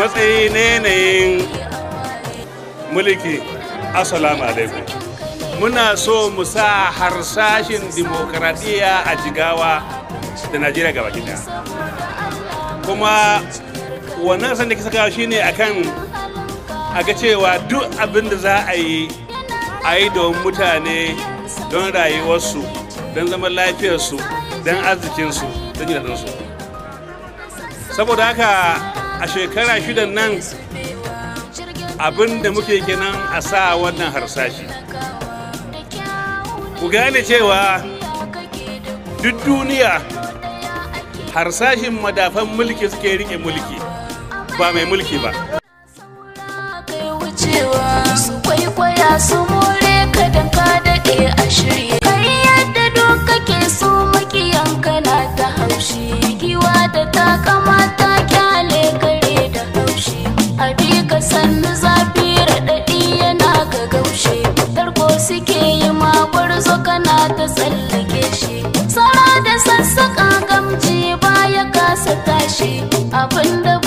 matsayi na yanayin mulki assalamu alaikum muna so mu sa harsashin dimokuraɗiyya a jigawa da najeriya gaba gida kuma wannan san da ke shine akan a ga cewa duk abin da za a yi a yi don mutane don rayuwarsu don zaman lafiyarsu don arzikinsu don gidajensu saboda haka a shekara shidan nan abin da muke kenan a sa wannan harsashi ku gane cewa duk duniya harsashin madafan mulki suke rike mulki ba mai mulki ba kwaikwaya abinda